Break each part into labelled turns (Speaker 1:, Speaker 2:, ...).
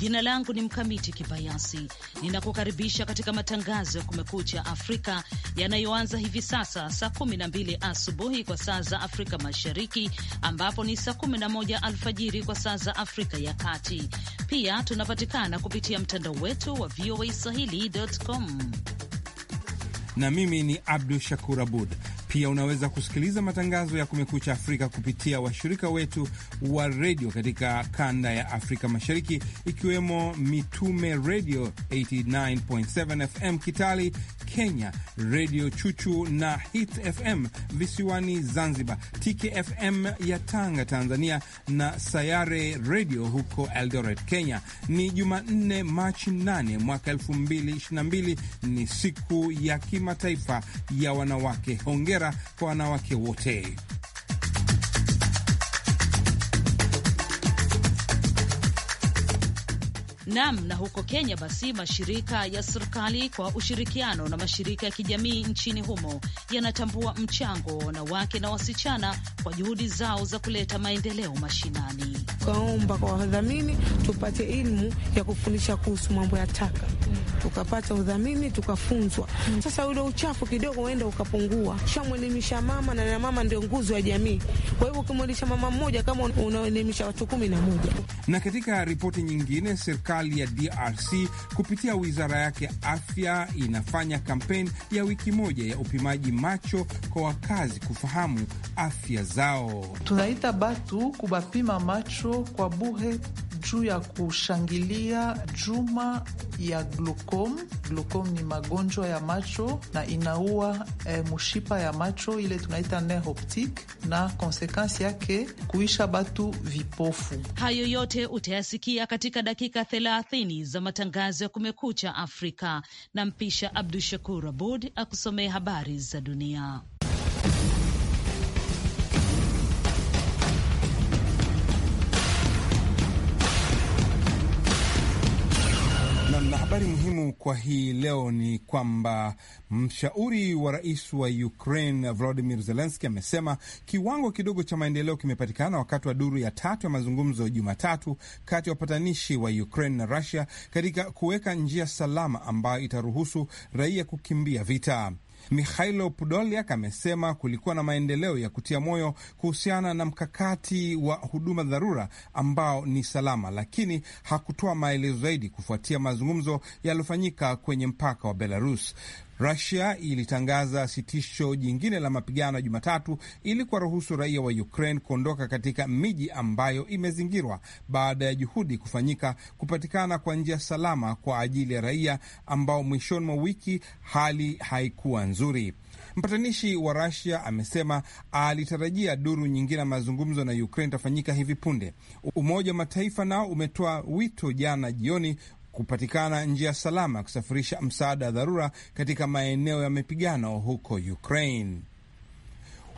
Speaker 1: Jina langu ni Mkamiti Kibayasi, ninakukaribisha katika matangazo ya Kumekucha Afrika yanayoanza hivi sasa saa 12 asubuhi kwa saa za Afrika Mashariki, ambapo ni saa 11 alfajiri kwa saa za Afrika ya Kati. Pia tunapatikana kupitia mtandao wetu wa VOA Swahili.com
Speaker 2: na mimi ni Abdu Shakur Abud. Pia unaweza kusikiliza matangazo ya Kumekucha Afrika kupitia washirika wetu wa redio katika kanda ya Afrika Mashariki, ikiwemo Mitume Redio 89.7 FM Kitali, Kenya, Redio Chuchu na Hit FM visiwani Zanzibar, TKFM ya Tanga, Tanzania, na Sayare Redio huko Eldoret, Kenya. Ni Jumanne, Machi 8 mwaka 2022. Ni siku ya kimataifa ya wanawake. Hongera kwa wanawake wote.
Speaker 1: Nam. Na huko Kenya basi, mashirika ya serikali kwa ushirikiano na mashirika ya kijamii nchini humo yanatambua mchango wa wanawake na wasichana kwa juhudi zao za kuleta maendeleo mashinani.
Speaker 3: Tukaomba kwa wadhamini tupate elimu ya kufundisha kuhusu mambo ya taka, tukapata udhamini tukafunzwa. Sasa ule uchafu kidogo uenda ukapungua. Shamwelimisha mama na mama ndio nguzo ya jamii, kwa hivyo ukimwelimisha mama mmoja kama unaelimisha watu kumi na moja.
Speaker 2: Na katika ripoti nyingine serikali serikali ya DRC kupitia wizara yake ya afya inafanya kampeni ya wiki moja ya upimaji macho kwa wakazi kufahamu afya zao.
Speaker 4: Tunaita batu kubapima macho kwa buhe juu ya kushangilia juma ya glukom. Glukom ni magonjwa ya macho na inaua e, eh, mshipa ya macho ile tunaita nerve optic, na konsekansi yake kuisha batu vipofu.
Speaker 1: Hayo yote utayasikia katika dakika 30 za matangazo ya Kumekucha Afrika, na mpisha Abdu Shakur Abud akusomee habari za dunia.
Speaker 2: Habari muhimu kwa hii leo ni kwamba mshauri wa rais wa Ukraine Volodymyr Zelensky amesema kiwango kidogo cha maendeleo kimepatikana wakati wa duru ya tatu ya mazungumzo Jumatatu kati ya wapatanishi wa Ukraine na Russia katika kuweka njia salama ambayo itaruhusu raia kukimbia vita. Mikhailo Podolyak amesema kulikuwa na maendeleo ya kutia moyo kuhusiana na mkakati wa huduma dharura ambao ni salama, lakini hakutoa maelezo zaidi kufuatia mazungumzo yaliyofanyika kwenye mpaka wa Belarus. Rusia ilitangaza sitisho jingine la mapigano ya Jumatatu ili kuwaruhusu raia wa Ukraine kuondoka katika miji ambayo imezingirwa baada ya juhudi kufanyika kupatikana kwa njia salama kwa ajili ya raia ambao mwishoni mwa wiki hali haikuwa nzuri. Mpatanishi wa Rasia amesema alitarajia duru nyingine ya mazungumzo na Ukraine itafanyika hivi punde. Umoja wa Mataifa nao umetoa wito jana jioni kupatikana njia salama ya kusafirisha msaada wa dharura katika maeneo ya mapigano huko Ukraine.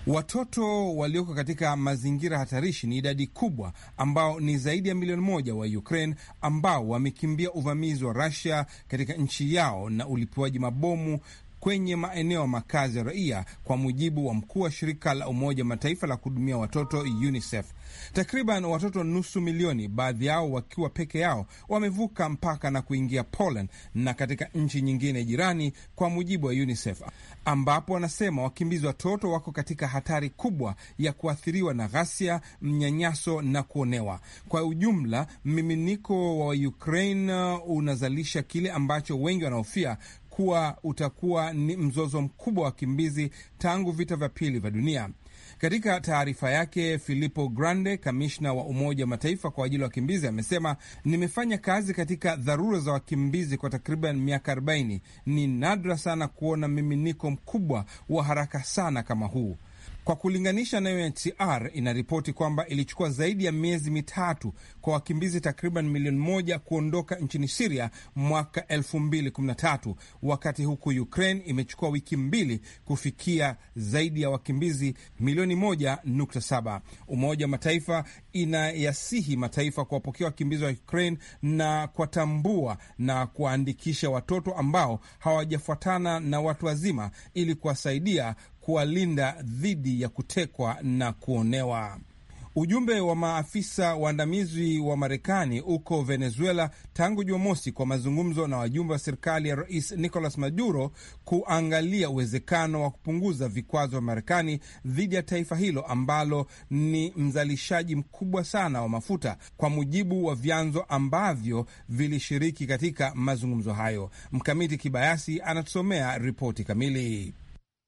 Speaker 2: Watoto walioko katika mazingira hatarishi ni idadi kubwa, ambao ni zaidi ya milioni moja wa Ukraine ambao wamekimbia uvamizi wa Russia katika nchi yao na ulipiwaji mabomu kwenye maeneo ya makazi ya raia, kwa mujibu wa mkuu wa shirika la Umoja Mataifa la kuhudumia watoto UNICEF. Takriban watoto nusu milioni, baadhi yao wakiwa peke yao, wamevuka mpaka na kuingia Poland na katika nchi nyingine jirani, kwa mujibu wa UNICEF, ambapo wanasema wakimbizi watoto wako katika hatari kubwa ya kuathiriwa na ghasia, mnyanyaso na kuonewa. Kwa ujumla, mmiminiko wa Ukraine uh, unazalisha kile ambacho wengi wanahofia kuwa utakuwa ni mzozo mkubwa wa wakimbizi tangu vita vya pili vya dunia. Katika taarifa yake, Filippo grande kamishna wa Umoja wa Mataifa kwa ajili ya wakimbizi, amesema nimefanya kazi katika dharura za wakimbizi kwa takriban miaka 40. Ni nadra sana kuona miminiko mkubwa wa haraka sana kama huu. Kwa kulinganisha na UNHCR inaripoti kwamba ilichukua zaidi ya miezi mitatu kwa wakimbizi takriban milioni moja kuondoka nchini Siria mwaka 2013 wakati huku Ukraine imechukua wiki mbili kufikia zaidi ya wakimbizi milioni moja nukta saba. Umoja wa Mataifa inayasihi mataifa kuwapokea wakimbizi wa Ukraine na kuwatambua na kuwaandikisha watoto ambao hawajafuatana na watu wazima ili kuwasaidia kuwalinda dhidi ya kutekwa na kuonewa. Ujumbe wa maafisa waandamizi wa Marekani uko Venezuela tangu Jumamosi kwa mazungumzo na wajumbe wa serikali ya Rais Nicolas Maduro kuangalia uwezekano wa kupunguza vikwazo vya Marekani dhidi ya taifa hilo ambalo ni mzalishaji mkubwa sana wa mafuta, kwa mujibu wa vyanzo ambavyo vilishiriki katika mazungumzo hayo. Mkamiti Kibayasi anatusomea ripoti kamili.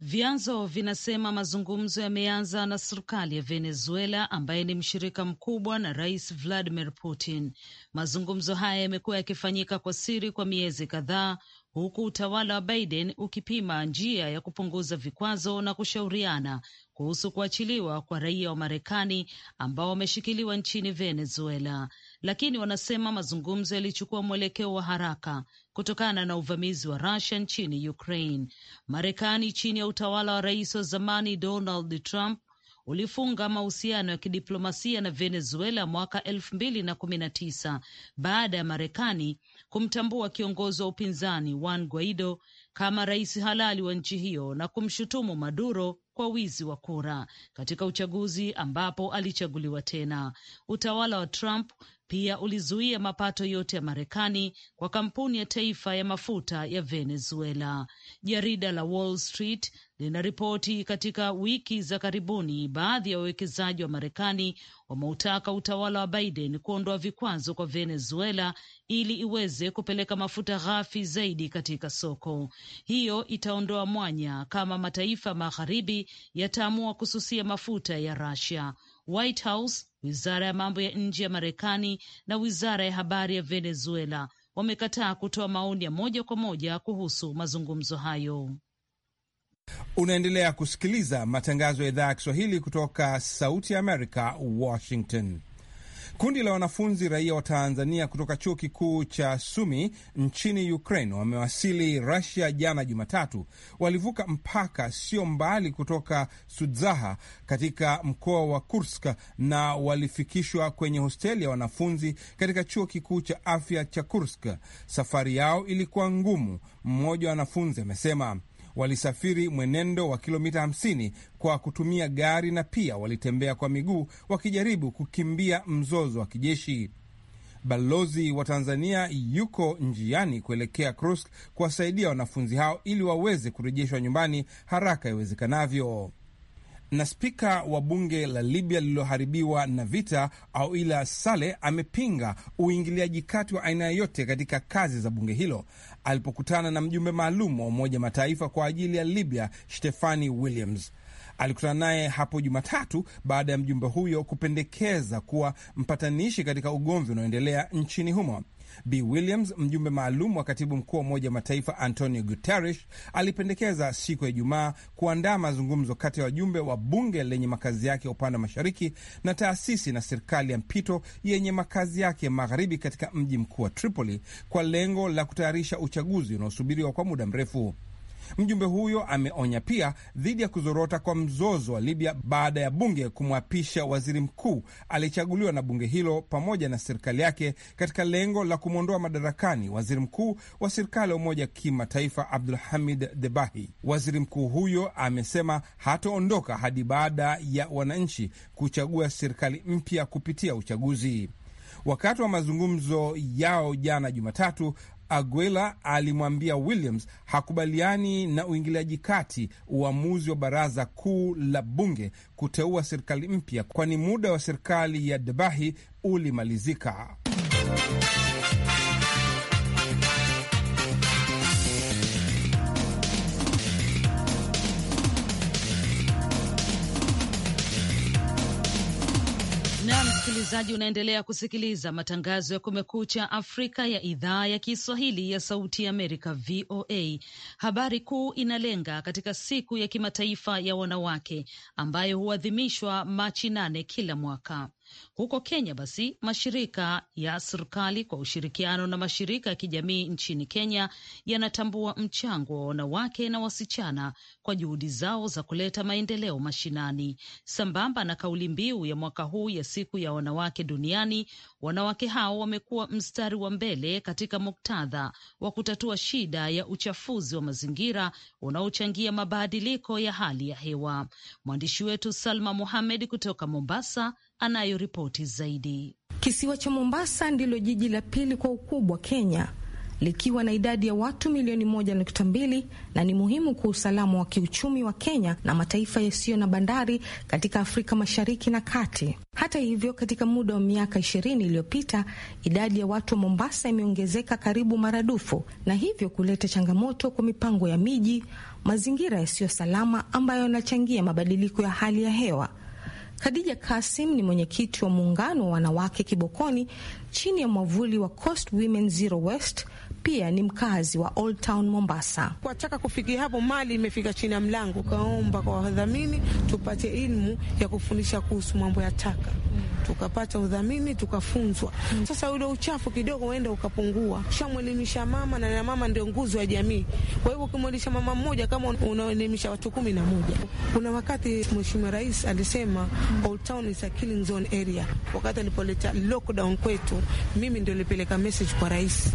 Speaker 1: Vyanzo vinasema mazungumzo yameanza na serikali ya Venezuela ambaye ni mshirika mkubwa na Rais Vladimir Putin. Mazungumzo haya yamekuwa yakifanyika kwa siri kwa miezi kadhaa huku utawala wa Biden ukipima njia ya kupunguza vikwazo na kushauriana kuhusu kuachiliwa kwa raia wa Marekani ambao wameshikiliwa nchini Venezuela, lakini wanasema mazungumzo yalichukua mwelekeo wa haraka kutokana na uvamizi wa Rusia nchini Ukraine. Marekani chini ya utawala wa rais wa zamani Donald Trump ulifunga mahusiano ya kidiplomasia na Venezuela mwaka elfu mbili na kumi na tisa baada ya Marekani kumtambua kiongozi wa upinzani Juan Guaido kama rais halali wa nchi hiyo na kumshutumu Maduro kwa wizi wa kura katika uchaguzi ambapo alichaguliwa tena. Utawala wa Trump pia ulizuia mapato yote ya Marekani kwa kampuni ya taifa ya mafuta ya Venezuela. Jarida la Wall Street linaripoti katika wiki za karibuni, baadhi ya wawekezaji wa Marekani wameutaka utawala wa Biden kuondoa vikwazo kwa Venezuela ili iweze kupeleka mafuta ghafi zaidi katika soko. Hiyo itaondoa mwanya kama mataifa magharibi yataamua kususia mafuta ya Russia. White House, wizara ya mambo ya nje ya Marekani na wizara ya habari ya Venezuela wamekataa kutoa maoni ya moja kwa moja kuhusu mazungumzo hayo.
Speaker 2: Unaendelea kusikiliza matangazo ya idhaa ya Kiswahili kutoka Sauti ya Amerika, Washington. Kundi la wanafunzi raia wa Tanzania kutoka chuo kikuu cha Sumi nchini Ukraine wamewasili Rusia jana Jumatatu. Walivuka mpaka sio mbali kutoka Sudzaha katika mkoa wa Kursk na walifikishwa kwenye hosteli ya wanafunzi katika chuo kikuu cha afya cha Kursk. Safari yao ilikuwa ngumu, mmoja wa wanafunzi amesema walisafiri mwenendo wa kilomita 50 kwa kutumia gari na pia walitembea kwa miguu wakijaribu kukimbia mzozo wa kijeshi. Balozi wa Tanzania yuko njiani kuelekea Kursk kuwasaidia wanafunzi hao ili waweze kurejeshwa nyumbani haraka iwezekanavyo. Na spika wa bunge la Libya lililoharibiwa na vita Auila Saleh amepinga uingiliaji kati wa aina yoyote katika kazi za bunge hilo, alipokutana na mjumbe maalum wa Umoja Mataifa kwa ajili ya Libya, Stefani Williams. Alikutana naye hapo Jumatatu baada ya mjumbe huyo kupendekeza kuwa mpatanishi katika ugomvi unaoendelea nchini humo. B Williams, mjumbe maalum wa katibu mkuu wa Umoja wa Mataifa Antonio Guterres, alipendekeza siku ya Ijumaa kuandaa mazungumzo kati ya wajumbe wa bunge lenye makazi yake upande wa mashariki na taasisi na serikali ya mpito yenye makazi yake magharibi katika mji mkuu wa Tripoli kwa lengo la kutayarisha uchaguzi unaosubiriwa kwa muda mrefu. Mjumbe huyo ameonya pia dhidi ya kuzorota kwa mzozo wa Libya baada ya bunge kumwapisha waziri mkuu aliyechaguliwa na bunge hilo pamoja na serikali yake katika lengo la kumwondoa madarakani waziri mkuu wa serikali ya umoja kimataifa Abdul Hamid Debahi. Waziri mkuu huyo amesema hataondoka hadi baada ya wananchi kuchagua serikali mpya kupitia uchaguzi. Wakati wa mazungumzo yao jana Jumatatu, aguila alimwambia Williams hakubaliani na uingiliaji kati uamuzi wa baraza kuu la bunge kuteua serikali mpya, kwani muda wa serikali ya Debahi ulimalizika.
Speaker 1: na msikilizaji, unaendelea kusikiliza matangazo ya Kumekucha Afrika ya idhaa ya Kiswahili ya Sauti ya Amerika, VOA. Habari kuu inalenga katika siku ya kimataifa ya wanawake ambayo huadhimishwa Machi nane kila mwaka. Huko Kenya basi, mashirika ya serikali kwa ushirikiano na mashirika ya kijamii nchini Kenya yanatambua mchango wa wanawake na wasichana kwa juhudi zao za kuleta maendeleo mashinani. Sambamba na kauli mbiu ya mwaka huu ya siku ya wanawake duniani, wanawake hao wamekuwa mstari wa mbele katika muktadha wa kutatua shida ya uchafuzi wa mazingira unaochangia mabadiliko ya hali ya hewa. Mwandishi wetu Salma Muhamed kutoka Mombasa ripoti zaidi. Kisiwa cha
Speaker 5: Mombasa ndilo jiji la pili kwa ukubwa Kenya, likiwa na idadi ya watu milioni moja nukta mbili na ni muhimu kwa usalama wa kiuchumi wa Kenya na mataifa yasiyo na bandari katika Afrika Mashariki na Kati. Hata hivyo, katika muda wa miaka ishirini iliyopita idadi ya watu wa Mombasa imeongezeka karibu maradufu, na hivyo kuleta changamoto kwa mipango ya miji, mazingira yasiyo salama ambayo yanachangia mabadiliko ya hali ya hewa Khadija Kasim ni mwenyekiti wa muungano wa wanawake Kibokoni chini ya mwavuli wa Coast Women Zero Waste pia ni mkazi wa Old Town Mombasa.
Speaker 3: Kwa kufikia hapo, mali imefika chini ya mlango, kaomba kwa wadhamini tupate ilmu ya kufundisha kuhusu mambo ya taka tukapata udhamini tukafunzwa. Sasa ule uchafu kidogo uenda ukapungua. Shamwelimisha mama na, mama ndio nguzo ya jamii. Kwa hivyo ukimwelimisha mama mmoja kama unaelimisha watu kumi na moja. Kuna wakati Mheshimiwa Rais alisema Old Town is a killing zone area. Wakati alipoleta lockdown kwetu, mimi ndio nilipeleka message kwa rais,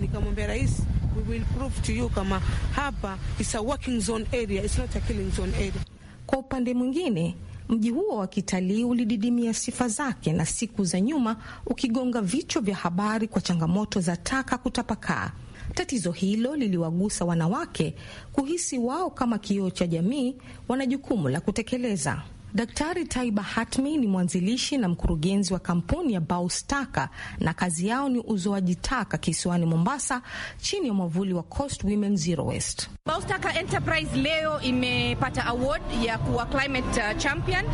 Speaker 3: nikamwambia mgombea rais, we will prove to you kama hapa is a working zone area, it's not a killing zone area. Kwa upande mwingine
Speaker 5: mji huo wa kitalii ulididimia sifa zake na siku za nyuma ukigonga vichwa vya habari kwa changamoto za taka kutapakaa. Tatizo hilo liliwagusa wanawake kuhisi wao kama kioo cha jamii, wana jukumu la kutekeleza. Daktari Taiba Hatmi ni mwanzilishi na mkurugenzi wa kampuni ya Baustaka na kazi yao ni uzoaji taka kisiwani Mombasa chini ya mwavuli wa Coast Women Zero Waste.
Speaker 6: Baustaka Enterprise leo imepata award ya kuwa climate uh, champion,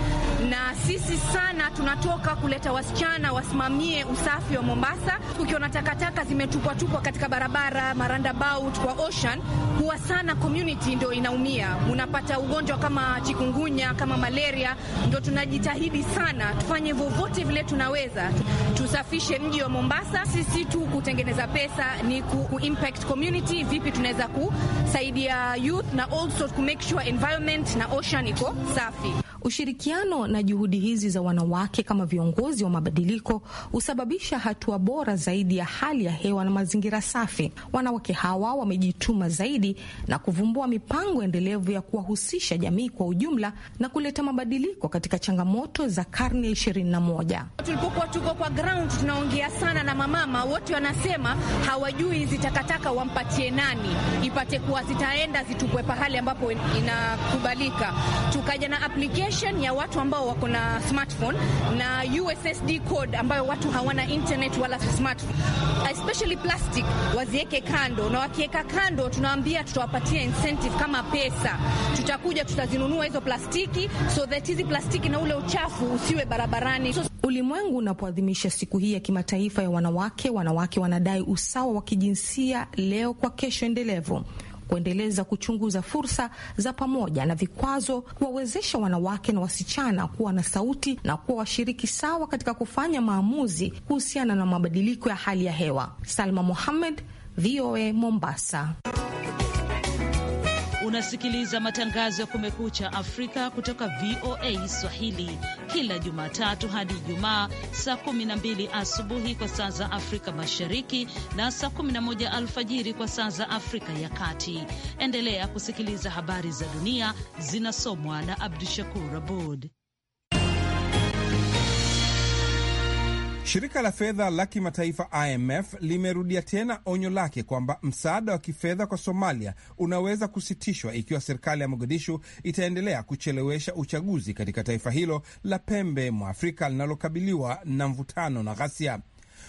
Speaker 6: na sisi sana tunatoka kuleta wasichana wasimamie usafi wa Mombasa. Ukiona takataka zimetupwatupwa katika barabara marandabout kwa ocean, huwa sana community ndio inaumia, unapata ugonjwa kama chikungunya kama malaria afya, ndo tunajitahidi sana tufanye vovote vile tunaweza tusafishe mji wa Mombasa. Sisi tu kutengeneza pesa ni ku impact community, vipi tunaweza kusaidia youth na also to make sure environment na ocean iko safi.
Speaker 5: Ushirikiano na juhudi hizi za wanawake kama viongozi wa mabadiliko husababisha hatua bora zaidi ya hali ya hewa na mazingira safi. Wanawake hawa wamejituma zaidi na kuvumbua mipango endelevu ya kuwahusisha jamii kwa ujumla na kuleta mabadiliko katika changamoto za karne ya 21.
Speaker 6: Tulipokuwa tuko kwa ground, tunaongea sana na mamama wote, wanasema hawajui hizi takataka wampatie nani, ipate kuwa zitaenda zitupwe pahali ambapo inakubalika. Tukaja na application population ya watu ambao wako na smartphone na USSD code ambayo watu hawana internet wala smartphone, especially plastic wazieke kando, na wakiweka kando, tunawaambia tutawapatia incentive kama pesa, tutakuja tutazinunua hizo plastiki, so that hizi plastiki na ule uchafu usiwe barabarani. So,
Speaker 5: ulimwengu unapoadhimisha siku hii ya kimataifa ya wanawake, wanawake wanadai usawa wa kijinsia leo kwa kesho endelevu kuendeleza kuchunguza fursa za pamoja na vikwazo, kuwawezesha wanawake na wasichana kuwa na sauti na kuwa washiriki sawa katika kufanya maamuzi kuhusiana na mabadiliko ya hali ya hewa. Salma Mohamed, VOA Mombasa.
Speaker 1: Unasikiliza matangazo ya Kumekucha Afrika kutoka VOA Swahili kila Jumatatu hadi Ijumaa saa 12 asubuhi kwa saa za Afrika Mashariki na saa 11 alfajiri kwa saa za Afrika ya Kati. Endelea kusikiliza habari za dunia zinasomwa na Abdu Shakur
Speaker 2: Abud. Shirika la fedha la kimataifa IMF limerudia tena onyo lake kwamba msaada wa kifedha kwa Somalia unaweza kusitishwa ikiwa serikali ya Mogadishu itaendelea kuchelewesha uchaguzi katika taifa hilo la pembe mwa Afrika linalokabiliwa na mvutano na ghasia.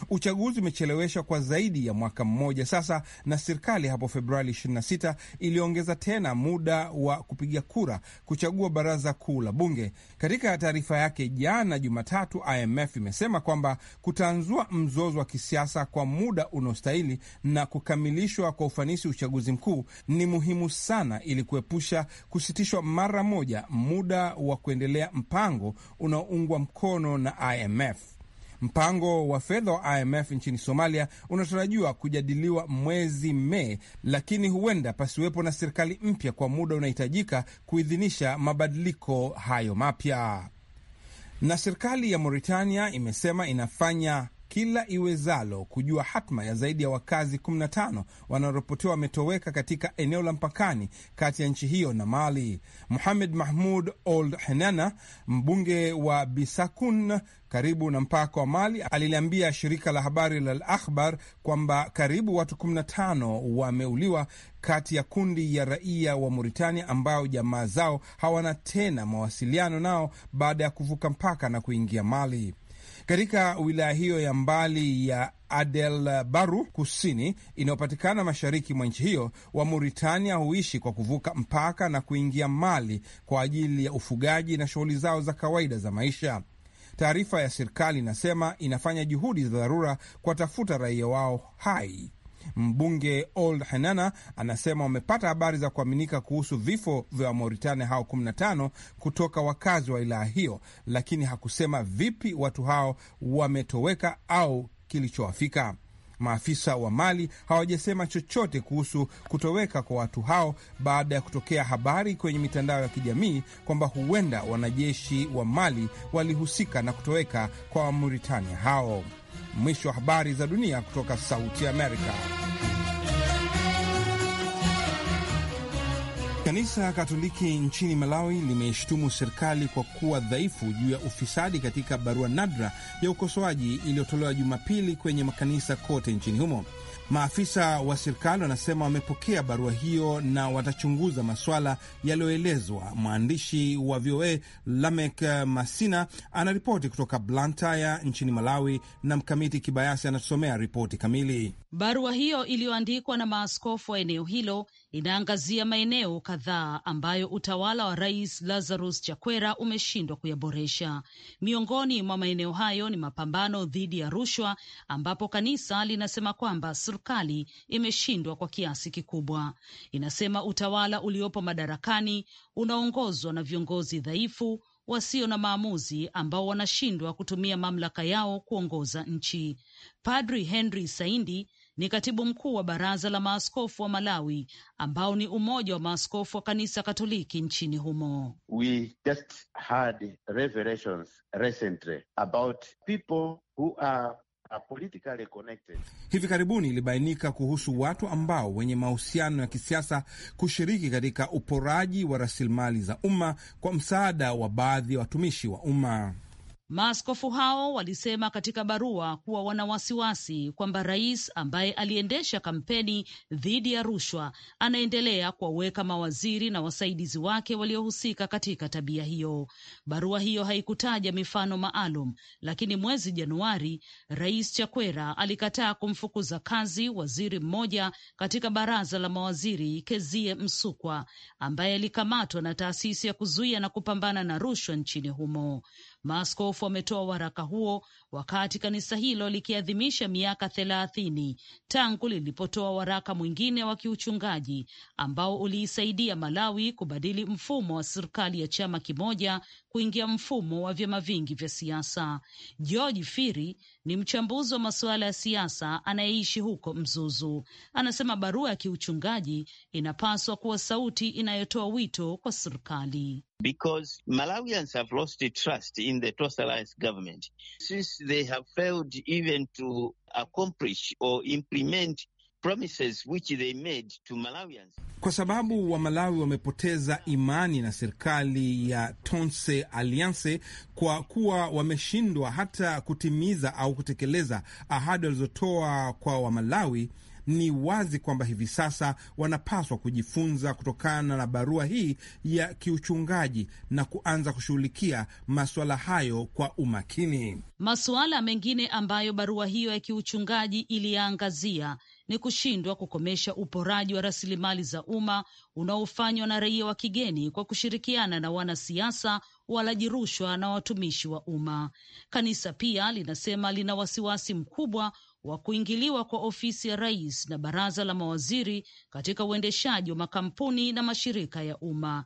Speaker 2: Uchaguzi umecheleweshwa kwa zaidi ya mwaka mmoja sasa, na serikali hapo Februari 26 iliongeza tena muda wa kupiga kura kuchagua baraza kuu la bunge. Katika taarifa yake jana Jumatatu, IMF imesema kwamba kutanzua mzozo wa kisiasa kwa muda unaostahili na kukamilishwa kwa ufanisi uchaguzi mkuu ni muhimu sana ili kuepusha kusitishwa mara moja muda wa kuendelea mpango unaoungwa mkono na IMF. Mpango wa fedha wa IMF nchini Somalia unatarajiwa kujadiliwa mwezi Mei, lakini huenda pasiwepo na serikali mpya kwa muda unahitajika kuidhinisha mabadiliko hayo mapya. Na serikali ya Mauritania imesema inafanya kila iwezalo kujua hatma ya zaidi ya wakazi 15 wanaoripotiwa wametoweka katika eneo la mpakani kati ya nchi hiyo na Mali. Muhamed Mahmud Old Henana, mbunge wa Bisakun karibu na mpaka wa Mali, aliliambia shirika la habari la Al Akhbar kwamba karibu watu 15 wameuliwa kati ya kundi ya raia wa Mauritania ambao jamaa zao hawana tena mawasiliano nao baada ya kuvuka mpaka na kuingia Mali katika wilaya hiyo ya mbali ya Adel Baru kusini inayopatikana mashariki mwa nchi hiyo. Wa Mauritania huishi kwa kuvuka mpaka na kuingia Mali kwa ajili ya ufugaji na shughuli zao za kawaida za maisha. Taarifa ya serikali inasema inafanya juhudi za dharura kuwatafuta raia wao hai. Mbunge old Henana anasema wamepata habari za kuaminika kuhusu vifo vya Wamauritania hao 15 kutoka wakazi wa wilaya hiyo, lakini hakusema vipi watu hao wametoweka au kilichowafika. Maafisa wa Mali hawajasema chochote kuhusu kutoweka kwa watu hao baada ya kutokea habari kwenye mitandao ya kijamii kwamba huenda wanajeshi wa Mali walihusika na kutoweka kwa Wamuritania hao. Mwisho wa habari za dunia kutoka Sauti Amerika. Kanisa Katoliki nchini Malawi limeishtumu serikali kwa kuwa dhaifu juu ya ufisadi katika barua nadra ya ukosoaji iliyotolewa Jumapili kwenye makanisa kote nchini humo. Maafisa wa serikali wanasema wamepokea barua hiyo na watachunguza maswala yaliyoelezwa. Mwandishi wa VOA Lamek Masina anaripoti kutoka Blantyre nchini Malawi, na Mkamiti Kibayasi anatusomea ripoti kamili.
Speaker 1: Barua hiyo iliyoandikwa na maaskofu wa eneo hilo inaangazia maeneo kadhaa ambayo utawala wa Rais Lazarus Chakwera umeshindwa kuyaboresha. Miongoni mwa maeneo hayo ni mapambano dhidi ya rushwa, ambapo kanisa linasema kwamba serikali imeshindwa kwa kiasi kikubwa. Inasema utawala uliopo madarakani unaongozwa na viongozi dhaifu wasio na maamuzi ambao wanashindwa kutumia mamlaka yao kuongoza nchi. Padri Henry Saindi ni katibu mkuu wa baraza la maaskofu wa Malawi ambao ni umoja wa maaskofu wa kanisa Katoliki nchini humo.
Speaker 7: We just had revelations recently about people who are
Speaker 2: Hivi karibuni ilibainika kuhusu watu ambao wenye mahusiano ya kisiasa kushiriki katika uporaji wa rasilimali za umma kwa msaada wa baadhi ya watumishi wa umma.
Speaker 1: Maaskofu hao walisema katika barua kuwa wana wasiwasi kwamba rais ambaye aliendesha kampeni dhidi ya rushwa anaendelea kuwaweka mawaziri na wasaidizi wake waliohusika katika tabia hiyo. Barua hiyo haikutaja mifano maalum, lakini mwezi Januari Rais Chakwera alikataa kumfukuza kazi waziri mmoja katika baraza la mawaziri, Kezie Msukwa, ambaye alikamatwa na taasisi ya kuzuia na kupambana na rushwa nchini humo. Maaskofu wametoa waraka huo wakati kanisa hilo likiadhimisha miaka thelathini tangu lilipotoa waraka mwingine wa kiuchungaji ambao uliisaidia Malawi kubadili mfumo wa serikali ya chama kimoja kuingia mfumo wa vyama vingi vya siasa. George Firi ni mchambuzi wa masuala ya siasa anayeishi huko Mzuzu. Anasema barua ya kiuchungaji inapaswa kuwa sauti inayotoa wito kwa serikali.
Speaker 6: Because Malawians have lost trust in the government since they have failed even to accomplish or implement
Speaker 2: kwa sababu Wamalawi wamepoteza imani na serikali ya Tonse Alliance kwa kuwa wameshindwa hata kutimiza au kutekeleza ahadi walizotoa kwa Wamalawi. Ni wazi kwamba hivi sasa wanapaswa kujifunza kutokana na barua hii ya kiuchungaji na kuanza kushughulikia masuala hayo kwa umakini.
Speaker 1: Masuala mengine ambayo barua hiyo ya kiuchungaji iliyaangazia ni kushindwa kukomesha uporaji wa rasilimali za umma unaofanywa na raia wa kigeni kwa kushirikiana na wanasiasa, walaji rushwa na watumishi wa umma. Kanisa pia linasema lina wasiwasi mkubwa wa kuingiliwa kwa ofisi ya rais na baraza la mawaziri katika uendeshaji wa makampuni na mashirika ya umma.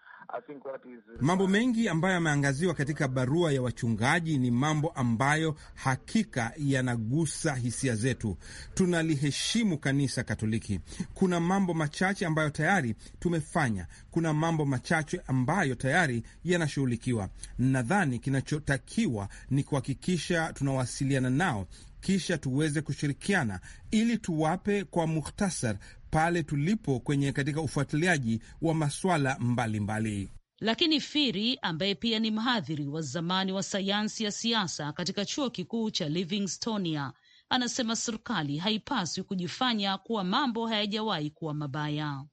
Speaker 7: Mambo
Speaker 4: mengi
Speaker 2: ambayo yameangaziwa katika barua ya wachungaji ni mambo ambayo hakika yanagusa hisia zetu. Tunaliheshimu kanisa Katoliki. Kuna mambo machache ambayo tayari tumefanya, kuna mambo machache ambayo tayari yanashughulikiwa. Nadhani kinachotakiwa ni kuhakikisha tunawasiliana nao kisha tuweze kushirikiana ili tuwape kwa muhtasar pale tulipo kwenye katika ufuatiliaji wa maswala mbalimbali mbali.
Speaker 1: Lakini Firi ambaye pia ni mhadhiri wa zamani wa sayansi ya siasa katika chuo kikuu cha Livingstonia anasema serikali haipaswi kujifanya kuwa mambo hayajawahi kuwa
Speaker 6: mabaya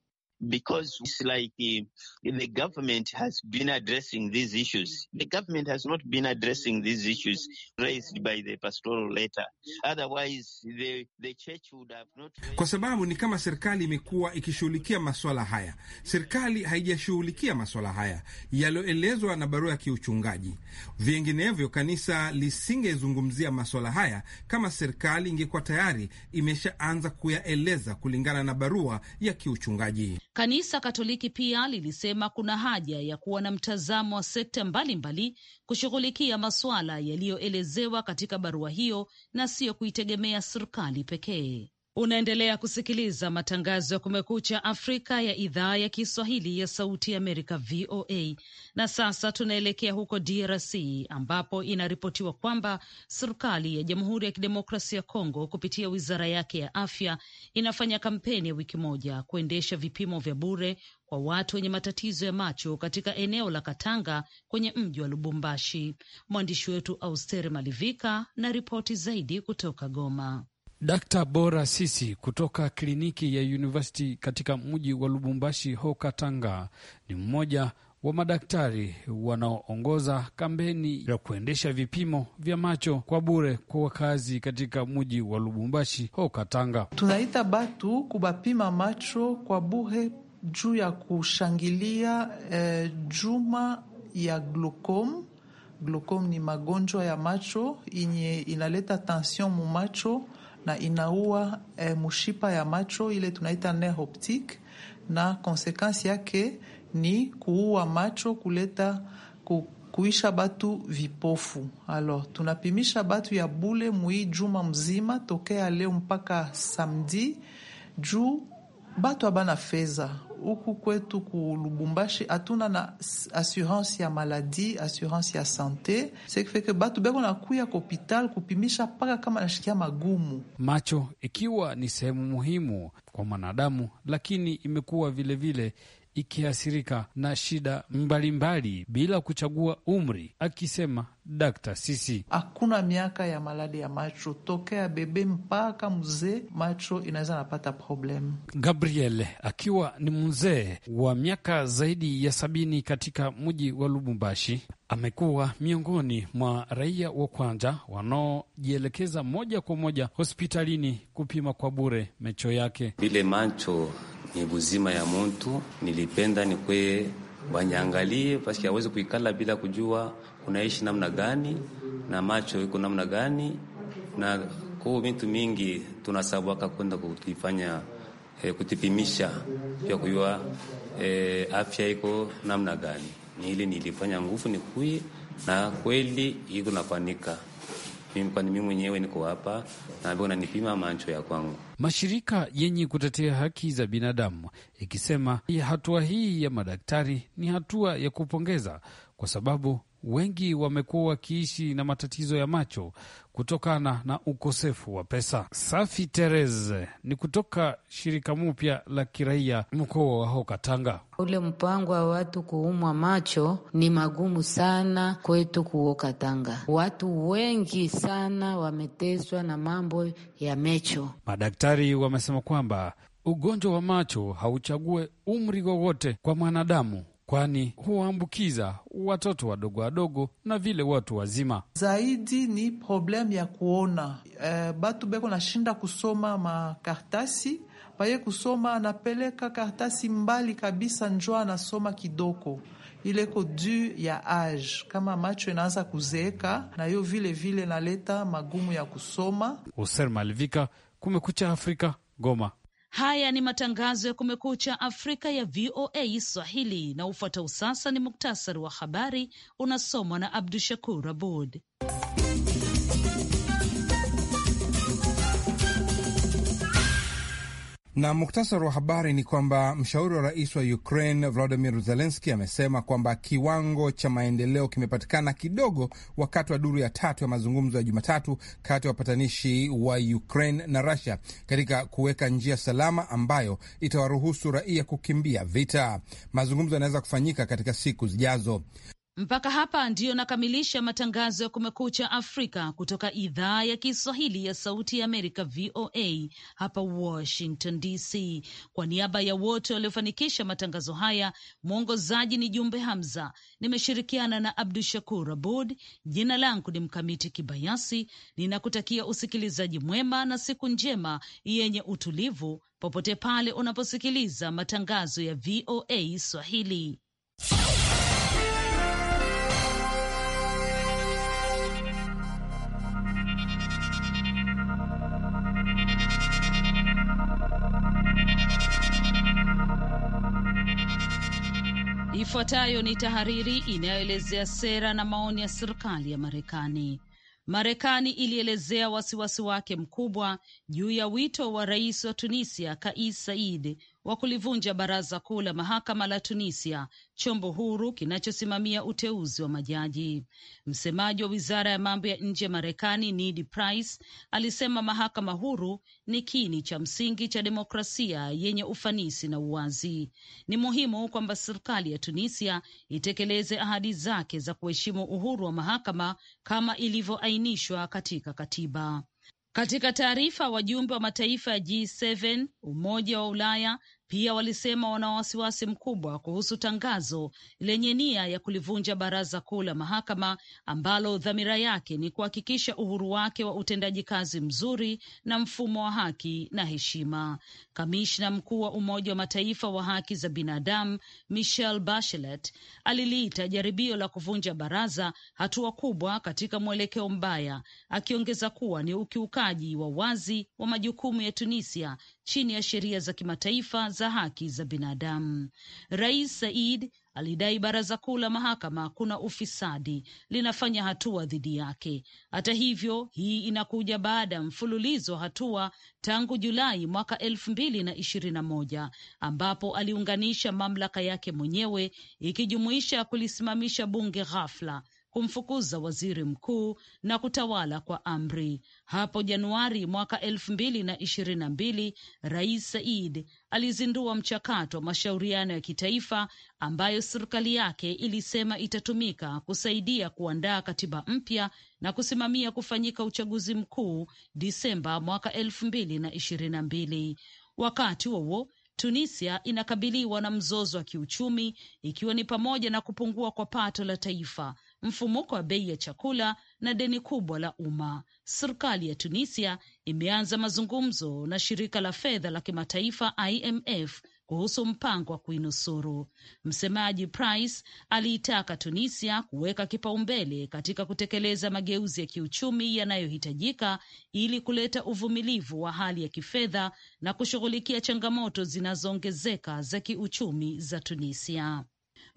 Speaker 6: because it's like uh, the government has been addressing these issues. The government has not been addressing these issues raised by the pastoral letter. Otherwise, the, the church would have not... Kwa
Speaker 2: sababu ni kama serikali imekuwa ikishughulikia maswala haya. Serikali haijashughulikia maswala haya yaliyoelezwa na barua ya kiuchungaji. Vinginevyo, kanisa lisingezungumzia maswala haya kama serikali ingekuwa tayari imeshaanza kuyaeleza kulingana na barua ya kiuchungaji.
Speaker 1: Kanisa Katoliki pia lilisema kuna haja ya kuwa na mtazamo wa sekta mbalimbali kushughulikia masuala yaliyoelezewa katika barua hiyo na siyo kuitegemea serikali pekee. Unaendelea kusikiliza matangazo ya Kumekucha Afrika ya idhaa ya Kiswahili ya Sauti Amerika, VOA. Na sasa tunaelekea huko DRC ambapo inaripotiwa kwamba serikali ya Jamhuri ya Kidemokrasia ya Kongo kupitia wizara yake ya afya inafanya kampeni ya wiki moja kuendesha vipimo vya bure kwa watu wenye matatizo ya macho katika eneo la Katanga kwenye mji wa Lubumbashi. Mwandishi wetu Austeri Malivika na ripoti zaidi kutoka Goma.
Speaker 7: Dakta Bora Sisi kutoka kliniki ya University katika mji wa Lubumbashi Haut-Katanga ni mmoja wa madaktari wanaoongoza kampeni ya kuendesha vipimo vya macho kwa bure kwa wakazi katika mji wa Lubumbashi Haut-Katanga.
Speaker 4: Tunaita batu kubapima macho kwa bure juu ya kushangilia eh, juma ya glaucome. Glaucome ni magonjwa ya macho yenye inaleta tension mu macho na inaua e, eh, mshipa ya macho ile tunaita nerf optique, na konsekansi yake ni kuua macho, kuleta ku, kuisha batu vipofu. Alors tunapimisha batu ya bule mwii juma mzima tokea leo mpaka samdi juu batu abana feza huku kwetu ku Lubumbashi hatuna na assurance ya maladi, assurance ya sante sekfeke, batu beko kuya ku hopital kupimisha mpaka kama nashikia magumu. Macho ikiwa ni sehemu muhimu kwa mwanadamu, lakini
Speaker 7: imekuwa vilevile ikiathirika na shida mbalimbali bila kuchagua umri, akisema Dakta Sisi,
Speaker 4: hakuna miaka ya maladi ya macho tokea bebe mpaka mzee, macho inaweza napata problem.
Speaker 7: Gabriel akiwa ni mzee wa miaka zaidi ya sabini katika mji wa Lubumbashi, amekuwa miongoni mwa raia wa kwanza wanaojielekeza moja kwa moja hospitalini kupima kwa bure macho yake. Vile macho ni buzima ya mtu. nilipenda nikweye wanyangalie paski awezi kuikala bila kujua unaishi namna gani na macho iko namna gani, na kwa mitu mingi tunasabwaka kwenda kutifanya eh, kutipimisha ya kujua eh, afya iko namna gani. Ili nilifanya nguvu nikui na kweli iko nafanika mimi, kwani mimi mwenyewe niko hapa na nanipima macho ya kwangu mashirika yenye kutetea haki za binadamu ikisema hatua hii ya madaktari ni hatua ya kupongeza kwa sababu wengi wamekuwa wakiishi na matatizo ya macho kutokana na ukosefu wa pesa. Safi Tereze ni kutoka shirika mupya la kiraia mkoa wa Hoka Tanga.
Speaker 5: Ule mpango wa watu kuumwa macho ni magumu sana kwetu kuoka Tanga. Watu wengi sana wameteswa na mambo ya mecho.
Speaker 7: Madaktari wamesema kwamba ugonjwa wa macho hauchague umri wowote kwa mwanadamu kwani huwaambukiza watoto wadogo wadogo na vile watu wazima.
Speaker 4: Zaidi ni problem ya kuona e, batu beko nashinda kusoma makartasi paye kusoma anapeleka kartasi mbali kabisa, njo anasoma kidoko ileko du ya age kama macho inaanza kuzeeka, na hiyo vile vile naleta magumu ya kusoma. Hoser
Speaker 7: Malvika, Kumekucha Afrika, Goma.
Speaker 1: Haya ni matangazo ya Kumekucha Afrika ya VOA Swahili, na ufuatao sasa ni muktasari wa habari unasomwa na Abdu Shakur Abud.
Speaker 2: Na muktasari wa habari ni kwamba mshauri wa rais wa Ukraine Volodymyr Zelensky amesema kwamba kiwango cha maendeleo kimepatikana kidogo wakati wa duru ya tatu ya mazungumzo ya Jumatatu kati ya wapatanishi wa Ukraine na Russia katika kuweka njia salama ambayo itawaruhusu raia kukimbia vita. Mazungumzo yanaweza kufanyika katika siku zijazo.
Speaker 1: Mpaka hapa ndiyo nakamilisha matangazo ya Kumekucha Afrika kutoka idhaa ya Kiswahili ya Sauti ya Amerika, VOA hapa Washington DC. Kwa niaba ya wote waliofanikisha matangazo haya, mwongozaji ni Jumbe Hamza, nimeshirikiana na Abdu Shakur Abud. Jina langu ni Mkamiti Kibayasi, ninakutakia usikilizaji mwema na siku njema yenye utulivu, popote pale unaposikiliza matangazo ya VOA Swahili. Ifuatayo ni tahariri inayoelezea sera na maoni ya serikali ya Marekani. Marekani ilielezea wasiwasi wake mkubwa juu ya wito wa rais wa Tunisia Kais Saied wa kulivunja baraza kuu la mahakama la Tunisia, chombo huru kinachosimamia uteuzi wa majaji. Msemaji wa wizara ya mambo ya nje ya Marekani Ned Price alisema mahakama huru ni kiini cha msingi cha demokrasia yenye ufanisi na uwazi. Ni muhimu kwamba serikali ya Tunisia itekeleze ahadi zake za kuheshimu uhuru wa mahakama kama ilivyoainishwa katika katiba. Katika taarifa, wajumbe wa mataifa ya G7, Umoja wa Ulaya pia walisema wana wasiwasi mkubwa kuhusu tangazo lenye nia ya kulivunja baraza kuu la mahakama ambalo dhamira yake ni kuhakikisha uhuru wake wa utendaji kazi mzuri na mfumo wa haki na heshima. Kamishna mkuu wa Umoja wa Mataifa wa haki za binadamu Michelle Bachelet aliliita jaribio la kuvunja baraza hatua kubwa katika mwelekeo mbaya, akiongeza kuwa ni ukiukaji wa wazi wa majukumu ya Tunisia chini ya sheria za kimataifa za haki za binadamu. Rais Said alidai baraza kuu la mahakama kuna ufisadi linafanya hatua dhidi yake. Hata hivyo, hii inakuja baada ya mfululizo wa hatua tangu Julai mwaka elfu mbili na ishirini na moja ambapo aliunganisha mamlaka yake mwenyewe ikijumuisha kulisimamisha bunge ghafla kumfukuza waziri mkuu na kutawala kwa amri. Hapo Januari mwaka elfu mbili na ishirini na mbili, Rais Said alizindua mchakato wa mashauriano ya kitaifa ambayo serikali yake ilisema itatumika kusaidia kuandaa katiba mpya na kusimamia kufanyika uchaguzi mkuu Disemba mwaka elfu mbili na ishirini na mbili. Wakati huo Tunisia inakabiliwa na mzozo wa kiuchumi ikiwa ni pamoja na kupungua kwa pato la taifa mfumuko wa bei ya chakula na deni kubwa la umma. Serikali ya Tunisia imeanza mazungumzo na shirika la fedha la kimataifa IMF kuhusu mpango wa kuinusuru. Msemaji Price aliitaka Tunisia kuweka kipaumbele katika kutekeleza mageuzi ya kiuchumi yanayohitajika ili kuleta uvumilivu wa hali ya kifedha na kushughulikia changamoto zinazoongezeka za kiuchumi za Tunisia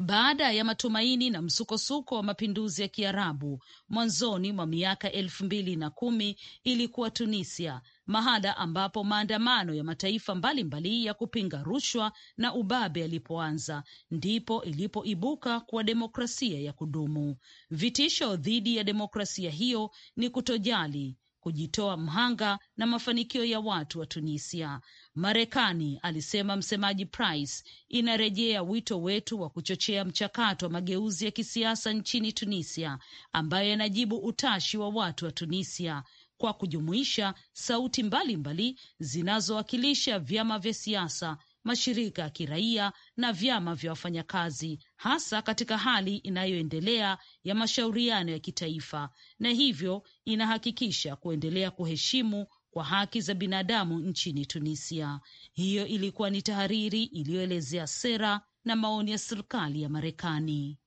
Speaker 1: baada ya matumaini na msukosuko wa mapinduzi ya Kiarabu mwanzoni mwa miaka elfu mbili na kumi ilikuwa Tunisia, mahala ambapo maandamano ya mataifa mbalimbali mbali ya kupinga rushwa na ubabe yalipoanza, ndipo ilipoibuka kwa demokrasia ya kudumu. Vitisho dhidi ya demokrasia hiyo ni kutojali kujitoa mhanga na mafanikio ya watu wa Tunisia, Marekani, alisema msemaji Price. Inarejea wito wetu wa kuchochea mchakato wa mageuzi ya kisiasa nchini Tunisia ambayo yanajibu utashi wa watu wa Tunisia kwa kujumuisha sauti mbalimbali zinazowakilisha vyama vya siasa mashirika ya kiraia na vyama vya wafanyakazi, hasa katika hali inayoendelea ya mashauriano ya kitaifa, na hivyo inahakikisha kuendelea kuheshimu kwa haki za binadamu nchini Tunisia. Hiyo ilikuwa ni tahariri iliyoelezea sera na maoni ya serikali ya Marekani.